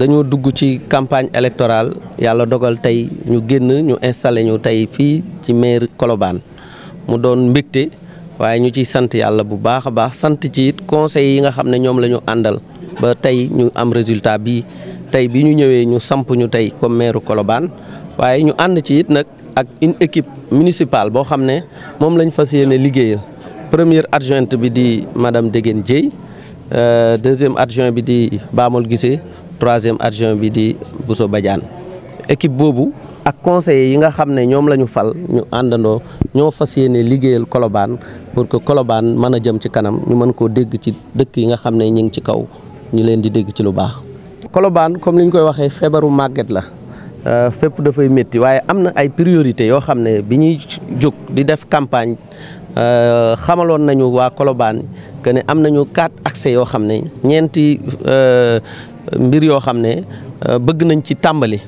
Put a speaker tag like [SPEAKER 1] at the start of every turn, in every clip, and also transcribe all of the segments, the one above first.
[SPEAKER 1] dañoo dugg ci campagne électorale yàlla dogal tey ñu génn ñu installé ñu tey fii ci maire Colobane mu doon mbégte waaye ñu ciy sant yàlla bu baax a baax sant ci it conseil yi nga xam ne ñoom la ñu àndal ba tey ñu am résultat bi tey bi ñu ñëwee ñu samp ñu tey comme maire Colobane waaye ñu ànd ci it nag ak une équipe municipale boo xam ne moom lañ fas yéene liggéeyal première adjointe bi di madame Dégène Dieye euh, deuxième adjoint bi di Bamol Guissé troisième adjoint bi di Bousso Badiane équipe boobu ak conseillers yi nga xam ne ñoom la ñu fal ñu àndandoo ñoo fas yéene liggéeyal Colobane pour que Colobane mën a jëm ci kanam ñu mën koo dégg ci dëkk yi nga xam ne ñu ngi ci kaw ñu leen di dégg ci lu baax. Colobane comme ni ñu koy waxee feebaru màgget la euh, fépp dafay métti waaye am na ay priorité yoo xam ne bi ñuy jóg di def campagne euh, xamaloon nañu waa Colobane que ne am nañu quatre accès yoo xam ne ñeenti. Euh, mbir yoo xam ne euh, bëgg nañ ci tàmbali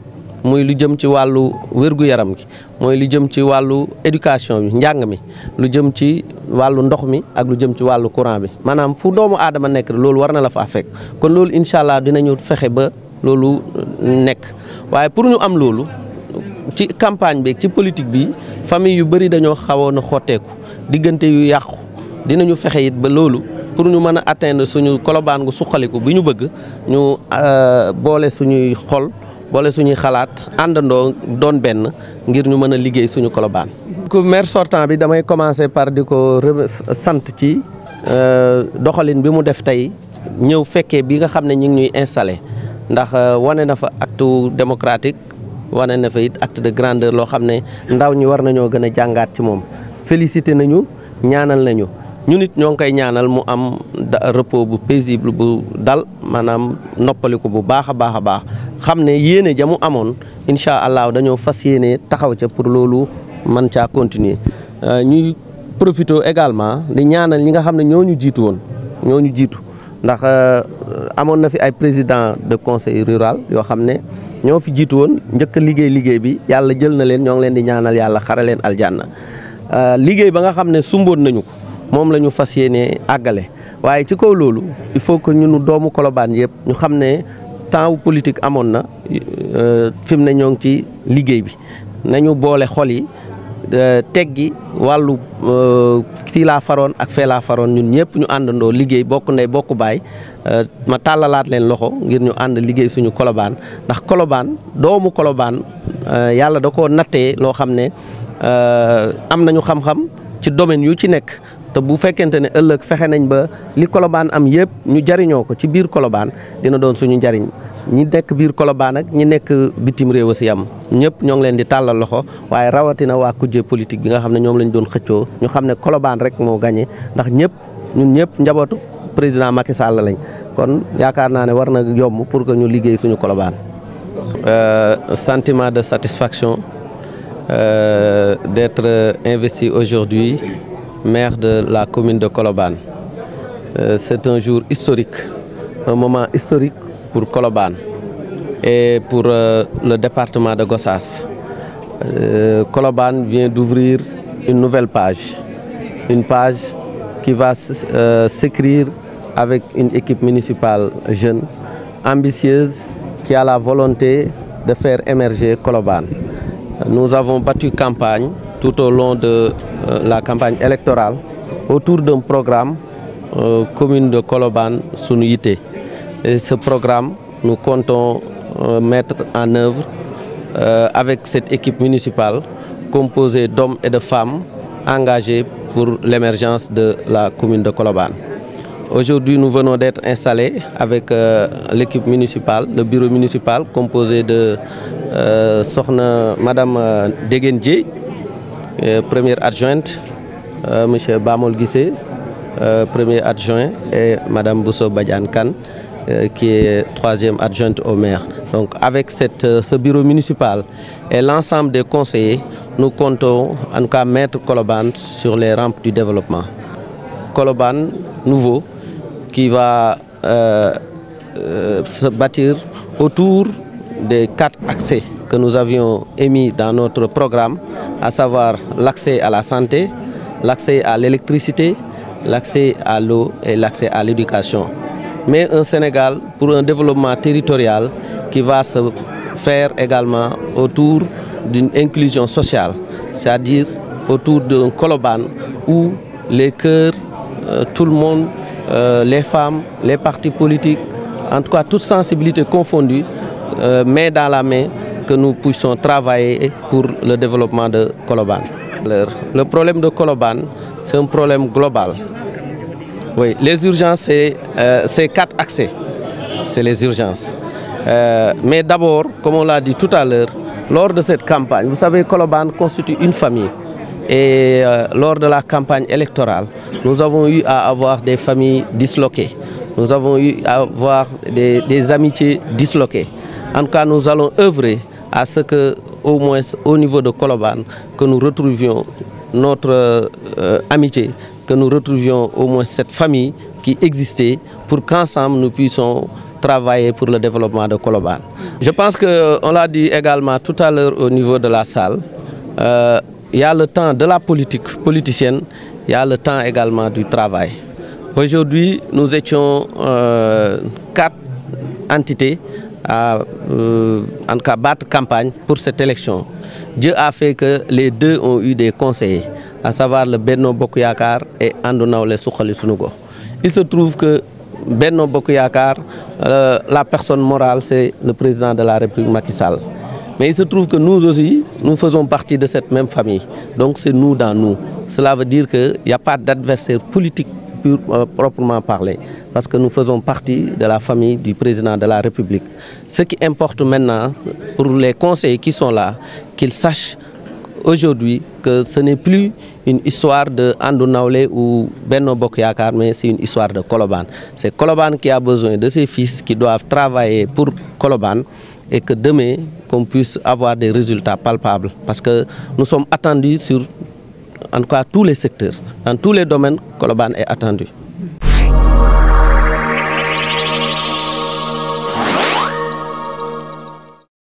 [SPEAKER 1] muy lu jëm ci wàllu wérgu yaram gi mooy lu jëm ci wàllu éducation bi njàng mi lu jëm ci wàllu ndox mi ak lu jëm ci wàllu courant bi maanaam fu doomu aadama nekk loolu war na la fa fekk kon loolu incha allah dinañu fexe ba loolu euh, nekk waaye pour ñu am loolu ci campagne bi ci politique bi famille yu bëri dañoo xawoon a xotteeku diggante yu yàqu dinañu fexe it ba loolu pour ñu mën a atteindre suñu kolobaan gu suqaliku bi ñu bëgg ñu euh, boole suñuy xol boole suñuy xalaat àndandoo doon benn ngir ñu mën a liggéey suñu kolobaan. ku maire sortant bi damay commencer par di ko sant ci euh, doxalin bi mu def tey ñëw fekkee bi nga xam ne ñu ngi ñuy installé ndax euh, wane na fa actu démocratique wane na fa it acte de grandeur loo xam ne ndaw ñi war nañoo gën a jàngaat ci moom félicité nañu ñaanal nañu. ñu nit ñoo ngi koy ñaanal mu am repos bu paisible bu dal maanaam noppaliku bu baax a baax a baax xam ne yéene ja mu amoon incha allah dañoo fas yéene taxaw ca pour loolu man caa continuer euh, ñuy profité également di ñaanal ñi nga xam ne ñoo ñu jiitu woon ñoo ñu jiitu ndax euh, amoon na fi ay président de conseil rural yoo xam ne ñoo fi jiitu woon njëkk liggéey liggéey bi yàlla jël na leen ñoo ngi leen di ñaanal yàlla xare leen aljanna euh, liggéey ba nga xam ne sumboon nañu ko moom la ñu fas yéenee àggale waaye ci kaw loolu il faut que ñunu doomu kolobaan yëpp ñu xam ne temps politique amoon na euh, fi mu ne ñoo ngi ci liggéey bi nañu boole xol yi euh, teggi wàllu euh, fii laa faroon ak fee laa faroon ñun ñëpp ñu àndandoo liggéey bokk ndey bokk baay ma tàllalaat leen loxo ngir ñu ànd liggéey suñu kolobaan ndax kolobaan doomu kolobaan yàlla da ko nattee loo xam ne am nañu xam-xam ci domaine yu ci nekk te bu fekkente ne ëllëg fexe nañ ba li kolobaan am yëpp ñu jariñoo ko ci biir kolobaan dina doon suñu njariñ ñi nekk biir kolobaan ak ñi nekk bitim réew si am ñëpp ñoo ngi leen di tàllal loxo waaye rawatina waa kujje politique bi nga xam ne ñoom lañu doon xëccoo ñu xam ne kolobaan rek moo gañe ndax ñëpp ñun ñëpp njabootu président Macky Sall lañ kon yaakaar naa ne war na yomb pour que ñu liggéey suñu kolobaan. Euh, santiment de satisfaction euh, d'être investi aujourd'hui maire de la commune de koloban Euh, c'est un jour historique, un moment historique pour Colobane et pour euh, le département de Gossas. Euh, Colobane vient d'ouvrir une nouvelle page, une page qui va euh, s'écrire avec une équipe municipale jeune, ambitieuse, qui a la volonté de faire émerger Colobane. Nous avons battu campagne tout au long de Euh, la campagne électorale autour d'un programme euh, commune de Koloban Sunuyité. Et ce programme, nous comptons euh, mettre en œuvre euh, avec cette équipe municipale composée d'hommes et de femmes engagés pour l'émergence de la commune de Koloban. Aujourd'hui, nous venons d'être installés avec l'équipe municipale, le bureau municipal composé de Sorne, Madame Degendje, Euh, première adjointe euh, monsieur Bamol Guissé euh, premier adjoint et madame Bousso Badiane Kane qui est troisième adjointe au maire. Donc avec cette, ce bureau municipal et l'ensemble des conseillers, nous comptons en tout cas mettre Koloban sur les rampes du développement. Koloban nouveau qui va euh, euh, se bâtir autour des quatre accès que nous avions émis dans notre programme à savoir l'accès à la santé, l'accès à l'électricité, l'accès à l'eau et l'accès à l'éducation. Mais un Sénégal pour un développement territorial qui va se faire également autour d'une inclusion sociale, c'est-à-dire autour d'un coloban où les cœurs, euh, tout le monde, euh, les femmes, les partis politiques, en tout cas toutes sensibilités confondues, euh, dans la main, que nous puissions travailler pour le développement de Koloban. Le problème de Koloban, c'est un problème global. les urgences, c'est euh, quatre accès. C'est les urgences. Euh, mais d'abord, comme on l'a dit tout à l'heure, lors de cette campagne, vous savez, Koloban constitue une famille. Et euh, lors de la campagne électorale, nous avons eu à avoir des familles disloquées. Nous avons eu à avoir des amitiés disloquées. En tout cas, nous allons œuvrer à ce que, au moins au niveau de Colobane, que nous retrouvions notre euh, amitié, que nous retrouvions au moins cette famille qui existait pour qu'ensemble nous puissions travailler pour le développement de Colobane. Je pense qu'on euh, l'a dit également tout à l'heure au niveau de la salle, euh, il euh, a le temps de la politique politicienne, il a le temps également du travail. Aujourd'hui, nous étions euh, quatre entités à, euh, en tout cas, pour cette élection. je à fait que les deux on eu des conseillers, à savoir le Benno Bokuyakar et Andonaoule Soukhali Sunugo. Il se trouve que Benno Bokuyakar, euh, la personne morale, c'est le président de la République Macky Sall. Mais il se trouve que nous aussi, nous faisons partie de cette même famille. Donc c'est nous dans nous. Cela veut dire qu'il n'y pas d'adversaire politique pure, euh, proprement parler, parce que nous faisons partie de la famille du président de la République. Ce qui importe maintenant pour les conseillers qui sont là, qu'ils sachent aujourd'hui que ce n'est plus une histoire de Andou Naoulé ou Benno Bokyakar, mais c'est une histoire de Koloban. C'est Koloban qui a besoin de ses fils qui doivent travailler pour Koloban et que demain, qu'on puisse avoir des résultats palpables. Parce que nous sommes attendus sur en tout cas tous les secteurs, dans tous les domaines, Colobane est attendu.